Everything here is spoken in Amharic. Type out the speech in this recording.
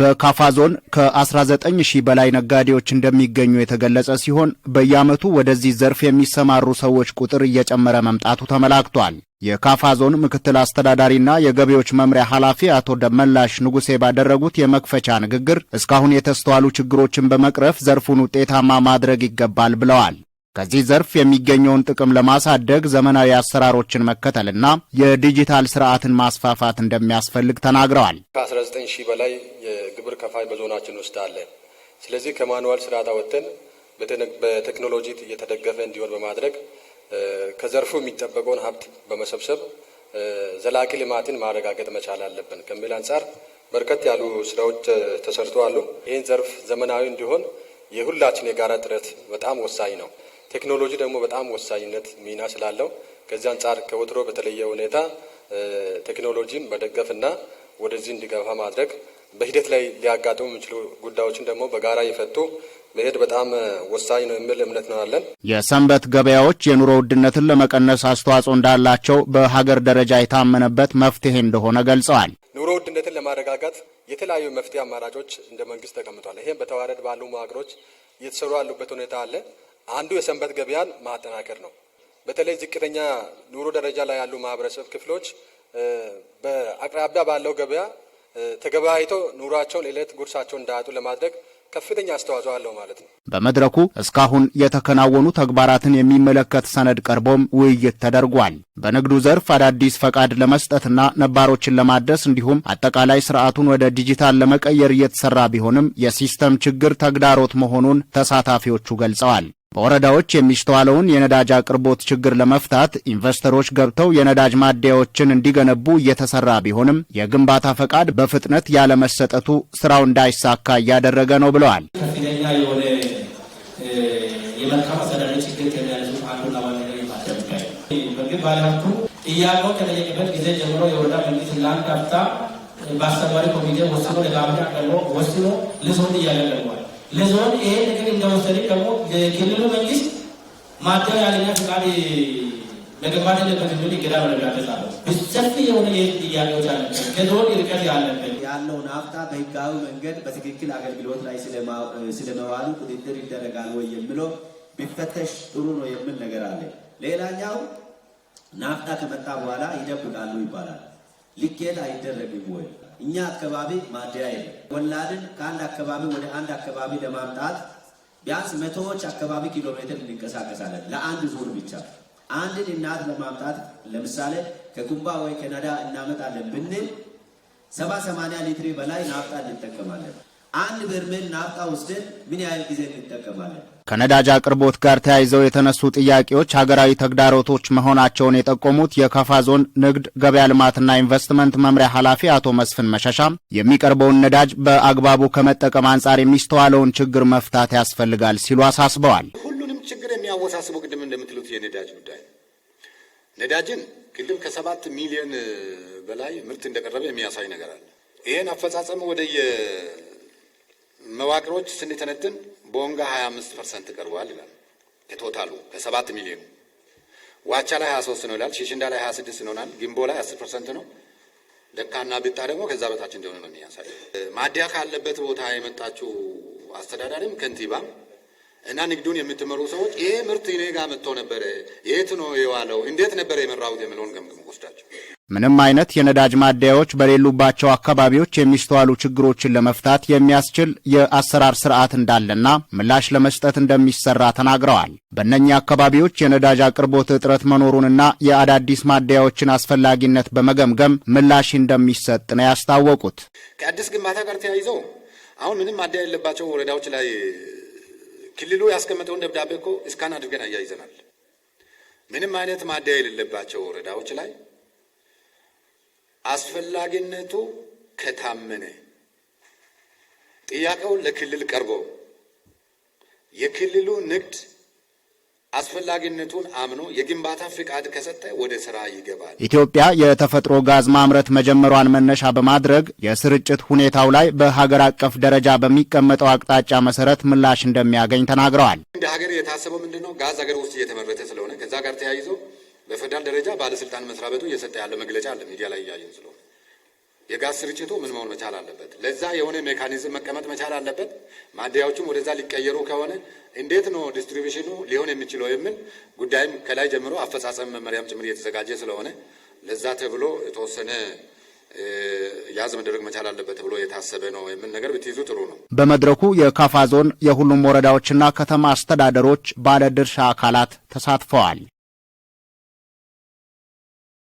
በካፋ ዞን ከ19 ሺህ በላይ ነጋዴዎች እንደሚገኙ የተገለጸ ሲሆን በየዓመቱ ወደዚህ ዘርፍ የሚሰማሩ ሰዎች ቁጥር እየጨመረ መምጣቱ ተመላክቷል። የካፋ ዞን ምክትል አስተዳዳሪና የገቢዎች መምሪያ ኃላፊ አቶ ደመላሽ ንጉሴ ባደረጉት የመክፈቻ ንግግር እስካሁን የተስተዋሉ ችግሮችን በመቅረፍ ዘርፉን ውጤታማ ማድረግ ይገባል ብለዋል። ከዚህ ዘርፍ የሚገኘውን ጥቅም ለማሳደግ ዘመናዊ አሰራሮችን መከተልና የዲጂታል ስርዓትን ማስፋፋት እንደሚያስፈልግ ተናግረዋል። ከ19 ሺህ በላይ የግብር ከፋይ በዞናችን ውስጥ አለ። ስለዚህ ከማኑዋል ስርዓት አወጥተን በቴክኖሎጂ እየተደገፈ እንዲሆን በማድረግ ከዘርፉ የሚጠበቀውን ሀብት በመሰብሰብ ዘላቂ ልማትን ማረጋገጥ መቻል አለብን ከሚል አንጻር በርከት ያሉ ስራዎች ተሰርተዋል። ይህን ዘርፍ ዘመናዊ እንዲሆን የሁላችን የጋራ ጥረት በጣም ወሳኝ ነው። ቴክኖሎጂ ደግሞ በጣም ወሳኝነት ሚና ስላለው ከዚህ አንጻር ከወትሮ በተለየ ሁኔታ ቴክኖሎጂን መደገፍና ወደዚህ እንዲገፋ ማድረግ በሂደት ላይ ሊያጋጥሙ የሚችሉ ጉዳዮችን ደግሞ በጋራ ይፈቱ መሄድ በጣም ወሳኝ ነው የሚል እምነት ነው ያለን። የሰንበት ገበያዎች የኑሮ ውድነትን ለመቀነስ አስተዋጽኦ እንዳላቸው በሀገር ደረጃ የታመነበት መፍትሄ እንደሆነ ገልጸዋል። ኑሮ ውድነትን ለማረጋጋት የተለያዩ መፍትሄ አማራጮች እንደ መንግስት ተቀምጧል። ይህም በተዋረድ ባሉ መዋቅሮች እየተሰሩ ያሉበት ሁኔታ አለ። አንዱ የሰንበት ገበያን ማጠናከር ነው። በተለይ ዝቅተኛ ኑሮ ደረጃ ላይ ያሉ ማህበረሰብ ክፍሎች በአቅራቢያ ባለው ገበያ ተገበያይተው ኑሯቸውን ዕለት ጉርሳቸውን እንዳያጡ ለማድረግ ከፍተኛ አስተዋጽኦ አለው ማለት ነው። በመድረኩ እስካሁን የተከናወኑ ተግባራትን የሚመለከት ሰነድ ቀርቦም ውይይት ተደርጓል። በንግዱ ዘርፍ አዳዲስ ፈቃድ ለመስጠትና ነባሮችን ለማደስ እንዲሁም አጠቃላይ ስርዓቱን ወደ ዲጂታል ለመቀየር እየተሰራ ቢሆንም የሲስተም ችግር ተግዳሮት መሆኑን ተሳታፊዎቹ ገልጸዋል። በወረዳዎች የሚስተዋለውን የነዳጅ አቅርቦት ችግር ለመፍታት ኢንቨስተሮች ገብተው የነዳጅ ማደያዎችን እንዲገነቡ እየተሰራ ቢሆንም የግንባታ ፈቃድ በፍጥነት ያለመሰጠቱ ስራው እንዳይሳካ እያደረገ ነው ብለዋል። ከፍተኛ የሆነ የመልካም አስተዳደር ችግር ከሚያነሱት አንዱና ዋነኛ ባለሀብቱ ጥያቄው ከጠየቅበት ጊዜ ጀምሮ የወረዳ መንግስት ለአንድ ኮሚቴ ወስኖ ለጋብቻ ቀርቦ ወስኖ ልሶን እያገለግሏል ለዞን ይሄን ግን እንደወሰደ ደግሞ የክልሉ መንግስት ማደር ያለኛ ፍቃድ መገንባት ያለበት ሆን ይገዳ መረጋገጽ ሰፊ የሆነ ጥያቄዎች አለ ከዞን ርቀት ያለበት ያለውን ሀብታ በህጋዊ መንገድ በትክክል አገልግሎት ላይ ስለመዋሉ ቁጥጥር ይደረጋል ወይ የሚለው ቢፈተሽ ጥሩ ነው የሚል ነገር አለ። ሌላኛው ናፍጣ ከመጣ በኋላ ይደብቃሉ ይባላል። ልኬት አይደረግም ወይ? እኛ አካባቢ ማደያ የለም። ወላድን ከአንድ አካባቢ ወደ አንድ አካባቢ ለማምጣት ቢያንስ መቶዎች አካባቢ ኪሎ ሜትር እንንቀሳቀሳለን ለአንድ ዙር ብቻ። አንድን እናት ለማምጣት ለምሳሌ ከኩምባ ወይ ከነዳ እናመጣለን ብንል ሰባ ሰማንያ ሊትሬ በላይ ናፍጣ እንጠቀማለን። አንድ በርሜል ናፍጣ ወስደን ምን ያህል ጊዜ እንጠቀማለን? ከነዳጅ አቅርቦት ጋር ተያይዘው የተነሱ ጥያቄዎች ሀገራዊ ተግዳሮቶች መሆናቸውን የጠቆሙት የካፋ ዞን ንግድ ገበያ ልማትና ኢንቨስትመንት መምሪያ ኃላፊ አቶ መስፍን መሸሻም የሚቀርበውን ነዳጅ በአግባቡ ከመጠቀም አንጻር የሚስተዋለውን ችግር መፍታት ያስፈልጋል ሲሉ አሳስበዋል። ሁሉንም ችግር የሚያወሳስበው ቅድም እንደምትሉት የነዳጅ ጉዳይ ነዳጅን ቅድም ከሰባት ሚሊዮን በላይ ምርት እንደቀረበ የሚያሳይ ነገር አለ። ይህን አፈጻጸም ወደ መዋቅሮች ስንተነትን ቦንጋ 25 ፐርሰንት ቀርቧል ይላል። ከቶታሉ ከሰባት ሚሊዮን ዋቻ ላይ 23 ነው ይላል። ሽሽንዳ ላይ 26 ይሆናል። ግንቦ ላይ 10 ፐርሰንት ነው። ለካና ብጣ ደግሞ ከዛ በታች እንደሆነ ነው የሚያሳየው። ማዲያ ካለበት ቦታ የመጣችው አስተዳዳሪም ከንቲባም እና ንግዱን የምትመሩ ሰዎች ይሄ ምርት እኔ ጋር መጥቶ ነበረ፣ የት ነው የዋለው፣ እንዴት ነበረ የመራሁት የሚለውን ገምግም ወስዳቸው ምንም አይነት የነዳጅ ማደያዎች በሌሉባቸው አካባቢዎች የሚስተዋሉ ችግሮችን ለመፍታት የሚያስችል የአሰራር ስርዓት እንዳለና ምላሽ ለመስጠት እንደሚሰራ ተናግረዋል። በእነኚህ አካባቢዎች የነዳጅ አቅርቦት እጥረት መኖሩንና የአዳዲስ ማደያዎችን አስፈላጊነት በመገምገም ምላሽ እንደሚሰጥ ነው ያስታወቁት። ከአዲስ ግንባታ ጋር ተያይዘው አሁን ምንም ማደያ የሌለባቸው ወረዳዎች ላይ ክልሉ ያስቀመጠውን ደብዳቤ እኮ እስካን አድርገን አያይዘናል። ምንም አይነት ማደያ የሌለባቸው ወረዳዎች ላይ አስፈላጊነቱ ከታመነ ጥያቄው ለክልል ቀርቦ የክልሉ ንግድ አስፈላጊነቱን አምኖ የግንባታ ፍቃድ ከሰጠ ወደ ስራ ይገባል። ኢትዮጵያ የተፈጥሮ ጋዝ ማምረት መጀመሯን መነሻ በማድረግ የስርጭት ሁኔታው ላይ በሀገር አቀፍ ደረጃ በሚቀመጠው አቅጣጫ መሰረት ምላሽ እንደሚያገኝ ተናግረዋል። እንደ ሀገር የታሰበው ምንድን ነው? ጋዝ ሀገር ውስጥ እየተመረተ ስለሆነ ከዛ ጋር ተያይዞ በፌዴራል ደረጃ ባለስልጣን መስሪያ ቤቱ እየሰጠ ያለ መግለጫ አለ ሚዲያ ላይ እያየን ስለሆነ የጋዝ ስርጭቱ ምን መሆን መቻል አለበት። ለዛ የሆነ ሜካኒዝም መቀመጥ መቻል አለበት። ማደያዎቹም ወደዛ ሊቀየሩ ከሆነ እንዴት ነው ዲስትሪቢሽኑ ሊሆን የሚችለው የሚል ጉዳይም ከላይ ጀምሮ አፈጻጸም መመሪያም ጭምር እየተዘጋጀ ስለሆነ ለዛ ተብሎ የተወሰነ ያዝ መደረግ መቻል አለበት ተብሎ የታሰበ ነው የሚል ነገር ብትይዙ ጥሩ ነው። በመድረኩ የካፋ ዞን የሁሉም ወረዳዎችና ከተማ አስተዳደሮች ባለድርሻ አካላት ተሳትፈዋል።